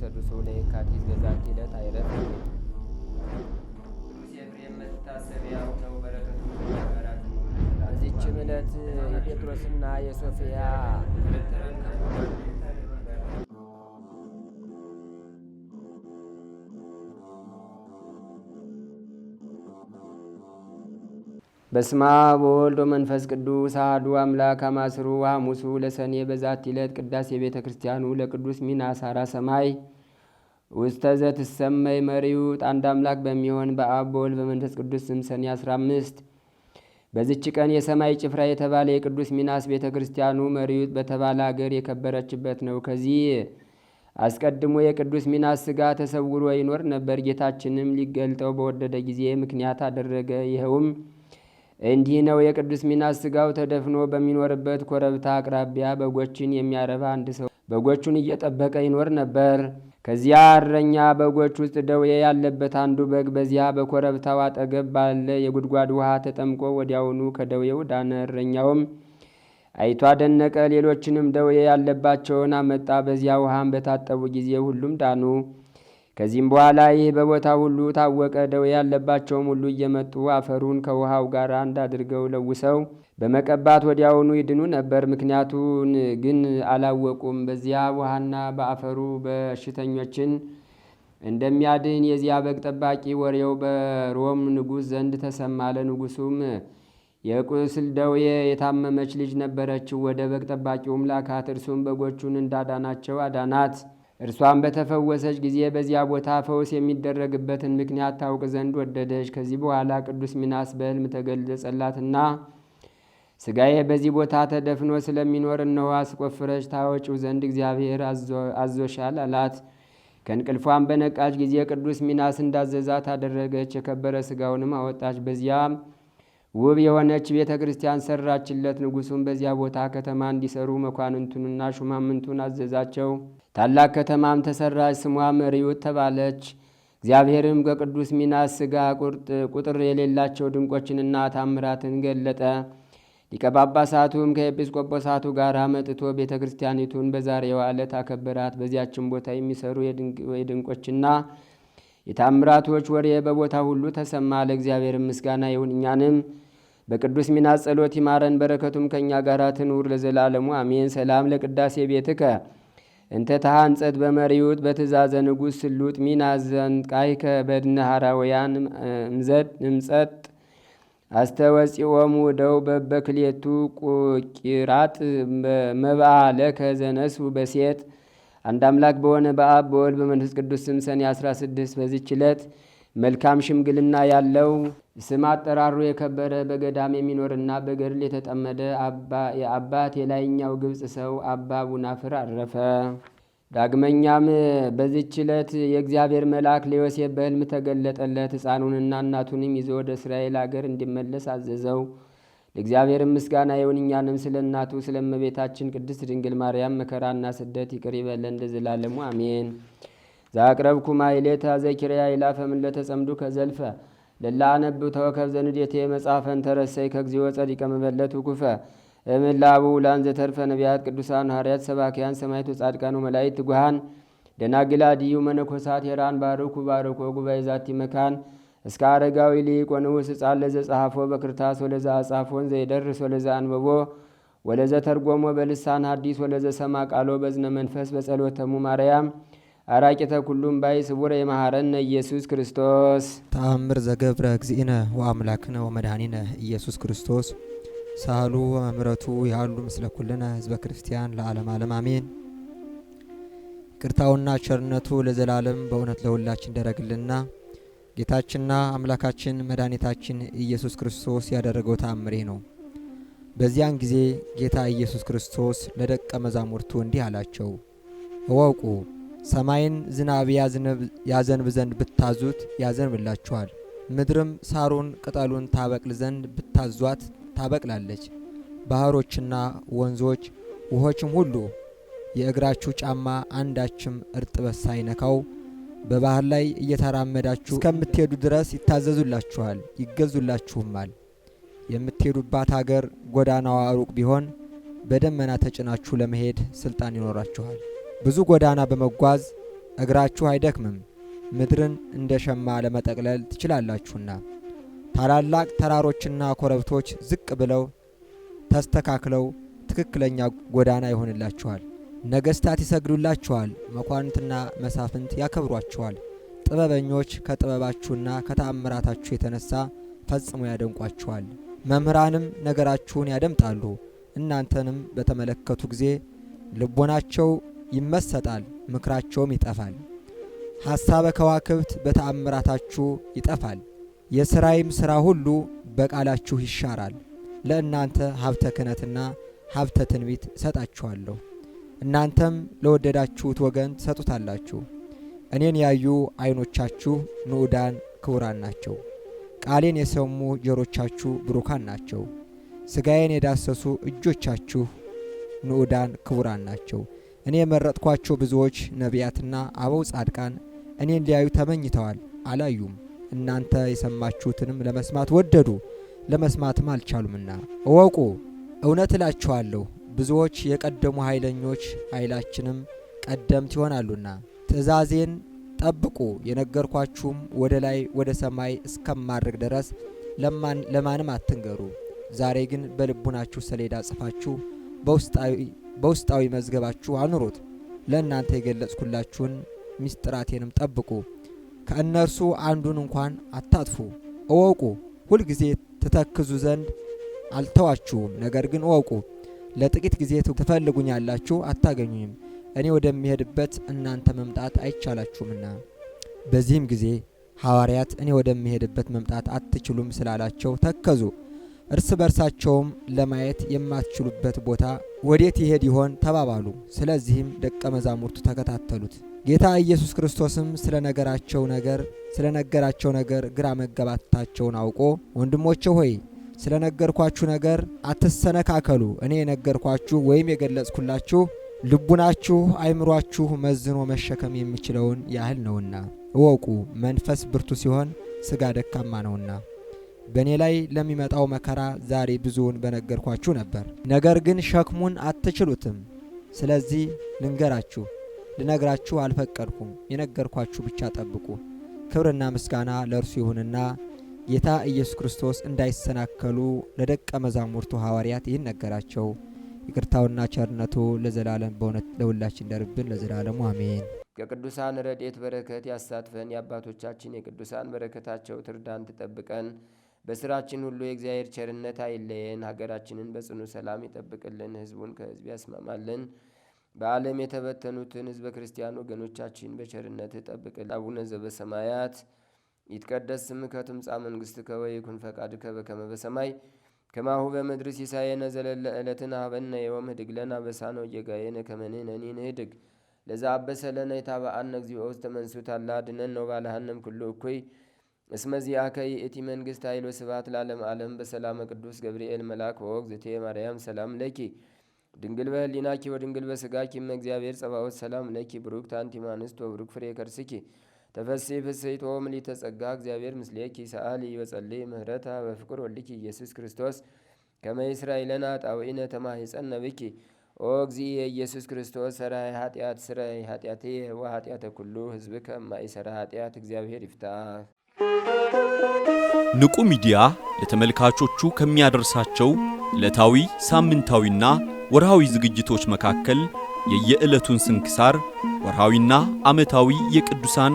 ተሰርሶ ለየካቲት በዛቲ ይለት አይለት ቅዱስ ኤፍሬም በዚችም ዕለት የጴጥሮስና የሶፊያ በስማ በወልድ መንፈስ ቅዱስ አሐዱ አምላክ አማስሩ ሐሙሱ ለሰኔ በዛት ይለት ቅዳሴ ቤተ ክርስቲያኑ ለቅዱስ ሚናስ አሳራ ሰማይ ውስተ ዘትሰመይ መሪውጥ አንድ አምላክ በሚሆን በአብ በወልድ በመንፈስ ቅዱስ ስም ሰኔ 15 በዚች ቀን የሰማይ ጭፍራ የተባለ የቅዱስ ሚናስ ቤተ ክርስቲያኑ መሪውጥ በተባለ አገር የከበረችበት ነው። ከዚህ አስቀድሞ የቅዱስ ሚናስ ስጋ ተሰውሮ ይኖር ነበር። ጌታችንም ሊገልጠው በወደደ ጊዜ ምክንያት አደረገ። ይኸውም እንዲህ ነው። የቅዱስ ሚናስ ስጋው ተደፍኖ በሚኖርበት ኮረብታ አቅራቢያ በጎችን የሚያረባ አንድ ሰው በጎቹን እየጠበቀ ይኖር ነበር። ከዚያ እረኛ በጎች ውስጥ ደዌ ያለበት አንዱ በግ በዚያ በኮረብታው አጠገብ ባለ የጉድጓድ ውሃ ተጠምቆ ወዲያውኑ ከደዌው ዳነ። እረኛውም አይቶ አደነቀ። ሌሎችንም ደዌ ያለባቸውን አመጣ። በዚያ ውሃም በታጠቡ ጊዜ ሁሉም ዳኑ። ከዚህም በኋላ ይህ በቦታ ሁሉ ታወቀ። ደዌ ያለባቸውም ሁሉ እየመጡ አፈሩን ከውሃው ጋር አንድ አድርገው ለውሰው በመቀባት ወዲያውኑ ይድኑ ነበር። ምክንያቱን ግን አላወቁም። በዚያ ውሃና በአፈሩ በሽተኞችን እንደሚያድን የዚያ በግ ጠባቂ ወሬው በሮም ንጉሥ ዘንድ ተሰማ። ለንጉሡም የቁስል ደዌ የታመመች ልጅ ነበረችው። ወደ በግ ጠባቂውም ላካት። እርሱም በጎቹን እንዳዳናቸው አዳናት። እርሷም በተፈወሰች ጊዜ በዚያ ቦታ ፈውስ የሚደረግበትን ምክንያት ታውቅ ዘንድ ወደደች። ከዚህ በኋላ ቅዱስ ሚናስ በሕልም ተገለጸላትና ስጋዬ በዚህ ቦታ ተደፍኖ ስለሚኖር እነሆ አስቆፍረች ታወጪው ዘንድ እግዚአብሔር አዞሻል አላት። ከእንቅልፏን በነቃች ጊዜ ቅዱስ ሚናስ እንዳዘዛት አደረገች። የከበረ ስጋውንም አወጣች። በዚያም ውብ የሆነች ቤተ ክርስቲያን ሰራችለት። ንጉሱን በዚያ ቦታ ከተማ እንዲሰሩ መኳንንቱንና ሹማምንቱን አዘዛቸው። ታላቅ ከተማም ተሰራች፣ ስሟም ርዩት ተባለች። እግዚአብሔርም ከቅዱስ ሚናስ ሥጋ ቁጥር የሌላቸው ድንቆችንና ታምራትን ገለጠ። ሊቀ ጳጳሳቱም ከኤጲስቆጶሳቱ ጋር መጥቶ ቤተ ክርስቲያኒቱን በዛሬዋ ዕለት አከበራት። በዚያችን ቦታ የሚሰሩ የድንቆችና የታምራቶች ወሬ በቦታ ሁሉ ተሰማ። ለእግዚአብሔር ምስጋና ይሁን፣ እኛንም በቅዱስ ሚና ጸሎት ይማረን፣ በረከቱም ከእኛ ጋር ትኑር ለዘላለሙ አሜን። ሰላም ለቅዳሴ ቤትከ እንተ ተሃንጸት በመሪዩት በትእዛዘ ንጉሥ ስሉጥ ሚና ሚናስ ቃይከ በድነ ሐራውያን እምዘድ እምጸጥ አስተወፂኦሙ ደው በበክሌቱ ቁቂራጥ መብአ ለከ ዘነሱ በሴት አንድ አምላክ በሆነ በአብ በወልድ በመንፈስ ቅዱስ ስም ሰኔ 16 በዚች ዕለት መልካም ሽምግልና ያለው ስም አጠራሩ የከበረ በገዳም የሚኖርና በገድል የተጠመደ የአባት የላይኛው ግብፅ ሰው አባ ቡናፍር አረፈ። ዳግመኛም በዚች ዕለት የእግዚአብሔር መልአክ ለዮሴፍ በሕልም ተገለጠለት። ሕፃኑንና እናቱንም ይዞ ወደ እስራኤል አገር እንዲመለስ አዘዘው። ለእግዚአብሔርም ምስጋና ይሁን። እኛንም ስለ እናቱ ስለ እመቤታችን ቅድስት ድንግል ማርያም መከራና ስደት ይቅር ይበለን ለዘላለሙ አሜን። ዛቅረብኩ ማይሌታ ዘኪርያ ይላፈምን ለተጸምዱ ከዘልፈ ለላነብ ተወከብ ዘንዴቴ መጽሐፈን ተረሰይ ከግዚወ ጸዲቀ መበለቱ ኩፈ እምላቡ ላን ዘተርፈ ነቢያት ቅዱሳን ሐርያት ሰባኪያን ሰማይቱ ጻድቃኑ መላእክት ትጉሃን ድዩ መነኮሳት የራን ባርኩ ባርኮ ጉባኤ ዛቲ መካን እስከ አረጋዊ ሊቅ ወንዑስ ሕፃን ለዘ ጸሐፎ በክርታስ ወለዘ አጻፎን ዘይደርስ ወለዘ አንብቦ ወለዘ ተርጎሞ በልሳን ሐዲስ ወለዘ ሰማ ቃሎ በዝነ መንፈስ በጸሎተሙ ማርያም አራቂተ ኩሉም ባይ ስቡረ ነ ኢየሱስ ክርስቶስ ተአምር ዘገብረ እግዚእነ ወአምላክነ ወመድኃኒነ ኢየሱስ ክርስቶስ ሳህሉ ወመምረቱ ያሉ ምስለ ኩልነ ህዝበ ክርስቲያን ለዓለም ዓለም አሜን። ቅርታውና ቸርነቱ ለዘላለም በእውነት ለሁላችን ደረግልና ጌታችንና አምላካችን መድኃኒታችን ኢየሱስ ክርስቶስ ያደረገው ተአምሬ ነው። በዚያን ጊዜ ጌታ ኢየሱስ ክርስቶስ ለደቀ መዛሙርቱ እንዲህ አላቸው፣ እወቁ ሰማይን ዝናብ ያዘንብ ዘንድ ብታዙት ያዘንብላችኋል። ምድርም ሳሩን ቅጠሉን ታበቅል ዘንድ ብታዟት ታበቅላለች። ባህሮችና ወንዞች ውሆችም ሁሉ የእግራችሁ ጫማ አንዳችም እርጥበት ሳይነካው በባህር ላይ እየተራመዳችሁ እስከምትሄዱ ድረስ ይታዘዙላችኋል፣ ይገዙላችሁማል። የምትሄዱባት አገር ጎዳናዋ ሩቅ ቢሆን በደመና ተጭናችሁ ለመሄድ ስልጣን ይኖራችኋል። ብዙ ጎዳና በመጓዝ እግራችሁ አይደክምም፣ ምድርን እንደ ሸማ ለመጠቅለል ትችላላችሁና። ታላላቅ ተራሮችና ኮረብቶች ዝቅ ብለው ተስተካክለው ትክክለኛ ጎዳና ይሆንላችኋል። ነገስታት ይሰግዱላችኋል፣ መኳንንትና መሳፍንት ያከብሯችኋል። ጥበበኞች ከጥበባችሁና ከተአምራታችሁ የተነሳ ፈጽሞ ያደንቋችኋል። መምህራንም ነገራችሁን ያደምጣሉ። እናንተንም በተመለከቱ ጊዜ ልቦናቸው ይመሰጣል፣ ምክራቸውም ይጠፋል። ሐሳበ ከዋክብት በተአምራታችሁ ይጠፋል፣ የሥራይም ሥራ ሁሉ በቃላችሁ ይሻራል። ለእናንተ ሀብተ ክህነትና ሀብተ ትንቢት እሰጣችኋለሁ። እናንተም ለወደዳችሁት ወገን ትሰጡታላችሁ። እኔን ያዩ ዓይኖቻችሁ ንዑዳን ክቡራን ናቸው። ቃሌን የሰሙ ጆሮቻችሁ ብሩካን ናቸው። ሥጋዬን የዳሰሱ እጆቻችሁ ንዑዳን ክቡራን ናቸው። እኔ የመረጥኳቸው ብዙዎች ነቢያትና አበው ጻድቃን እኔን ሊያዩ ተመኝተዋል፣ አላዩም። እናንተ የሰማችሁትንም ለመስማት ወደዱ፣ ለመስማትም አልቻሉምና እወቁ። እውነት እላችኋለሁ ብዙዎች የቀደሙ ኃይለኞች ኃይላችንም ቀደምት ይሆናሉና ትእዛዜን ጠብቁ የነገርኳችሁም ወደ ላይ ወደ ሰማይ እስከማድረግ ድረስ ለማንም አትንገሩ። ዛሬ ግን በልቡናችሁ ሰሌዳ ጽፋችሁ በውስጣዊ መዝገባችሁ አኑሩት። ለእናንተ የገለጽኩላችሁን ሚስጥራቴንም ጠብቁ። ከእነርሱ አንዱን እንኳን አታጥፉ። እወቁ፣ ሁልጊዜ ትተክዙ ዘንድ አልተዋችሁም። ነገር ግን እወቁ ለጥቂት ጊዜ ትፈልጉኛላችሁ፣ አታገኙኝም። እኔ ወደምሄድበት እናንተ መምጣት አይቻላችሁምና። በዚህም ጊዜ ሐዋርያት እኔ ወደምሄድበት መምጣት አትችሉም ስላላቸው ተከዙ። እርስ በርሳቸውም ለማየት የማትችሉበት ቦታ ወዴት ይሄድ ይሆን ተባባሉ። ስለዚህም ደቀ መዛሙርቱ ተከታተሉት። ጌታ ኢየሱስ ክርስቶስም ስለ ነገራቸው ነገር ስለ ነገራቸው ነገር ግራ መገባታቸውን አውቆ ወንድሞቼ ሆይ ስለነገርኳችሁ ነገር አትሰነካከሉ። እኔ የነገርኳችሁ ወይም የገለጽኩላችሁ ልቡናችሁ አይምሯችሁ መዝኖ መሸከም የሚችለውን ያህል ነውና እወቁ። መንፈስ ብርቱ ሲሆን ስጋ ደካማ ነውና በእኔ ላይ ለሚመጣው መከራ ዛሬ ብዙውን በነገርኳችሁ ነበር። ነገር ግን ሸክሙን አትችሉትም። ስለዚህ ልንገራችሁ፣ ልነግራችሁ አልፈቀድኩም። የነገርኳችሁ ብቻ ጠብቁ። ክብርና ምስጋና ለእርሱ ይሁንና ጌታ ኢየሱስ ክርስቶስ እንዳይሰናከሉ ለደቀ መዛሙርቱ ሐዋርያት ይህን ነገራቸው። ይቅርታውና ቸርነቱ ለዘላለም በእውነት ለሁላችን ይደርብን ለዘላለሙ አሜን። ከቅዱሳን ረድኤት በረከት ያሳትፈን። የአባቶቻችን የቅዱሳን በረከታቸው ትርዳን፣ ትጠብቀን። በስራችን ሁሉ የእግዚአብሔር ቸርነት አይለየን። ሀገራችንን በጽኑ ሰላም ይጠብቅልን፣ ህዝቡን ከህዝብ ያስማማልን። በዓለም የተበተኑትን ህዝበ ክርስቲያን ወገኖቻችን በቸርነት ይጠብቅልን። አቡነ ዘበሰማያት ይትቀደስ ስምከ ትምጻእ መንግሥትከ ወይኩን ፈቃድከ በከመ በሰማይ ከማሁ በምድሪ ሲሳየነ ዘለለ ዕለትነ ሀበነ ዮም ህድግ ለነ አበሳነ ወጌጋየነ ከመ ንሕነኒ ንህድግ ለዘአበሰ ለነ ኢታብአነ እግዚኦ ውስተ መንሱት አላ አድኅነነ ወባልሐነም ኩሉ እኩይ እስመ ዚአከ ይእቲ መንግሥት ኃይል ወስብሐት ለዓለመ ዓለም በሰላመ ቅዱስ ገብርኤል መልአክ ወእግዝእትየ ማርያም ሰላም ለኪ ድንግል በህሊናኪ ወድንግል በሥጋኪ እም እግዚአብሔር ጸባኦት ሰላም ለኪ ብሩክት አንቲ እምአንስት ወብሩክ ፍሬ ከርስኪ ተፈሥሒ ፍሥሕቶ ምልዕተ ጸጋ እግዚአብሔር ምስሌኪ ሰአሊ በጸልይ ምህረታ በፍቅር ወልኪ ኢየሱስ ክርስቶስ ከመ ይስራይ ለነ ተማሂፀነ ብኪ ኦ እግዚእ ኢየሱስ ክርስቶስ ሰራይ ኃጢአት ስራይ ኃጢአቴ ወኃጢአተ ኩሉ ህዝብከ እማይሠራ ኃጢአት እግዚአብሔር ይፍታ። ንቁ ሚዲያ ለተመልካቾቹ ከሚያደርሳቸው ዕለታዊ ሳምንታዊና ወርሃዊ ዝግጅቶች መካከል የየዕለቱን ስንክሳር ወርሃዊና ዓመታዊ የቅዱሳን